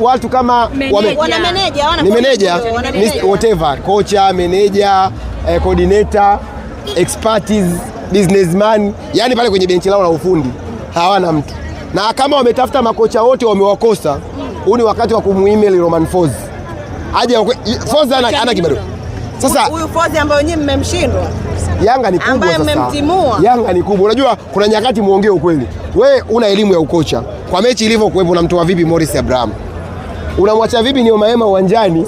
watu kama ni meneja whatever, kocha, meneja, eh, coordinator, expertise, businessman, yani pale kwenye benchi lao la ufundi hawana mtu, na kama wametafuta makocha wote wamewakosa. Huu ni wakati wa kumuemail Roman Foz aje. Foz ana, ana kibarua sasa huyu Folz ambaye wenyewe mmemshindwa. Yanga ni kubwa sasa. Yanga ni kubwa. Unajua kuna nyakati muongee ukweli. We una elimu ya ukocha. Kwa mechi ilivyokuwepo, unamtoa vipi Morris Abraham? unamwacha vipi ni Niomaema uwanjani?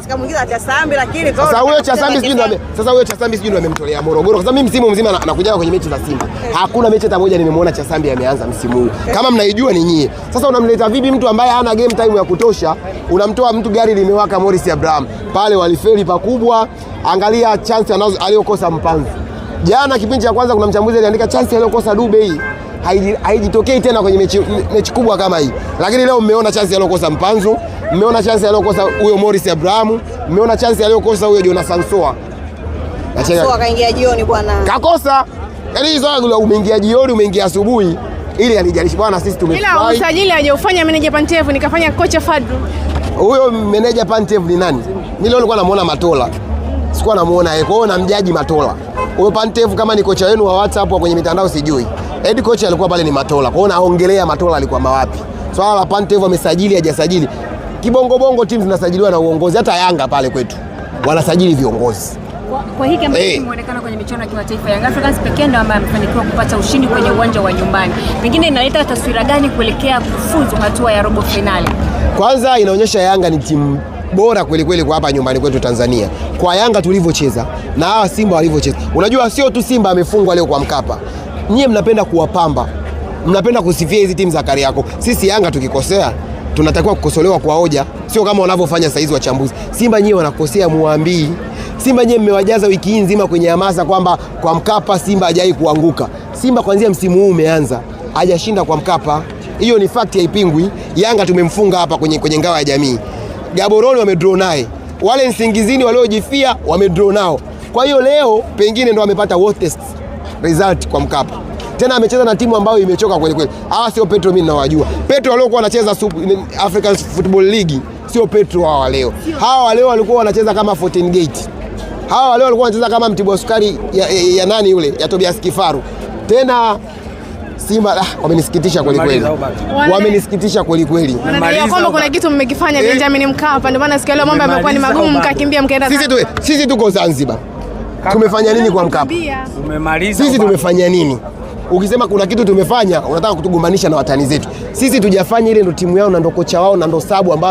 Sasa huyo Chasambi sijui sasa huyo Chasambi sijui ndio amemtolea Morogoro, kwa sababu mimi msimu mzima nakuja kwenye mechi za Simba, eh. hakuna mechi hata moja nimemwona Chasambi ameanza msimu huu, eh. kama mnaijua ni nyie. Sasa unamleta vipi mtu ambaye hana game time ya kutosha? Unamtoa mtu gari limewaka, Morris Abraham pale walifeli pakubwa. Angalia chance aliyokosa Mpanzi jana, kipindi cha kwanza, kuna mchambuzi aliandika chance aliyokosa Dube hii haijitokei tena kwenye mechi, mechi kubwa kama hii, lakini leo mmeona chance aliyokosa Mpanzu, mmeona chansi aliyokosa huyo Morris Abrahamu, mmeona chansi aliyokosa huyo Jonas Sansoa kaingia jioni bwana, kakosa. Yaani hizo umeingia jioni, umeingia asubuhi ili alijalishi bwana, sisi tumefurahi. Ila usajili hajaufanya meneja Pantev, nikafanya kocha Fadru. Huyo meneja Pantev ni nani? Mimi leo nilikuwa namuona Matola, sikuwa namuona yeye, kwa hiyo namjaji Matola. Huyo Pantev kama ni kocha wenu wa WhatsApp au kwenye mitandao sijui, head coach alikuwa pale ni Matola, kwa hiyo naongelea Matola alikuwa mawapi? Swala so, la Pantev amesajili hajasajili, kibongobongo timu zinasajiliwa na uongozi. Hata Yanga pale kwetu wanasajili viongozi kwa, hiki ambacho hey, eh. kimeonekana kwenye michuano ya kimataifa Young Africans pekee ndio ambaye amefanikiwa kupata ushindi kwenye uwanja wa nyumbani, pengine inaleta taswira gani kuelekea kufuzu hatua ya robo finali? Kwanza inaonyesha Yanga ni timu bora kweli kweli kwa hapa nyumbani kwetu Tanzania, kwa Yanga tulivyocheza na hawa Simba walivyocheza. Unajua sio tu Simba amefungwa leo kwa Mkapa, nyie mnapenda kuwapamba, mnapenda kusifia hizi timu za kari yako. Sisi Yanga tukikosea tunatakiwa kukosolewa kwa hoja, sio kama wanavyofanya saizi wachambuzi. Simba nyie wanakosea, muambii Simba nyie mmewajaza wiki hii nzima kwenye hamasa kwamba kwa Mkapa Simba hajawahi kuanguka. Simba kuanzia msimu huu umeanza hajashinda kwa Mkapa, hiyo ni fact, haipingwi. Yanga tumemfunga hapa kwenye, kwenye ngao ya jamii. gaboroni wamedraw naye, wale Nsingizini waliojifia wamedraw nao. Kwa hiyo leo pengine ndo wamepata worst result kwa Mkapa. Tena amecheza na timu ambayo imechoka kweli kweli. Hawa sio Petro, mimi ninawajua. Petro aliokuwa anacheza African Football League sio Petro hawa leo. Hawa wa leo walikuwa wanacheza kama Fountain Gate. Hawa leo walikuwa wanacheza kama Mtibwa Sukari ya, ya, ya nani yule ya Tobias Kifaru. Tena Simba ah, wamenisikitisha kweli kweli. Wamenisikitisha kweli kweli. Kwamba kuna kitu mmekifanya eh? Benjamin Mkapa, ndio maana sikia leo mambo yamekuwa ni magumu, mkakimbia mkaenda. Sisi tu sisi tuko Zanzibar. Tumefanya nini kwa Mkapa? Tumemaliza. Sisi tumefanya nini? Ukisema kuna kitu tumefanya, unataka kutugombanisha na watani zetu. Sisi tujafanya, ile ndo timu yao na ndo kocha wao na ndo sabu ambazo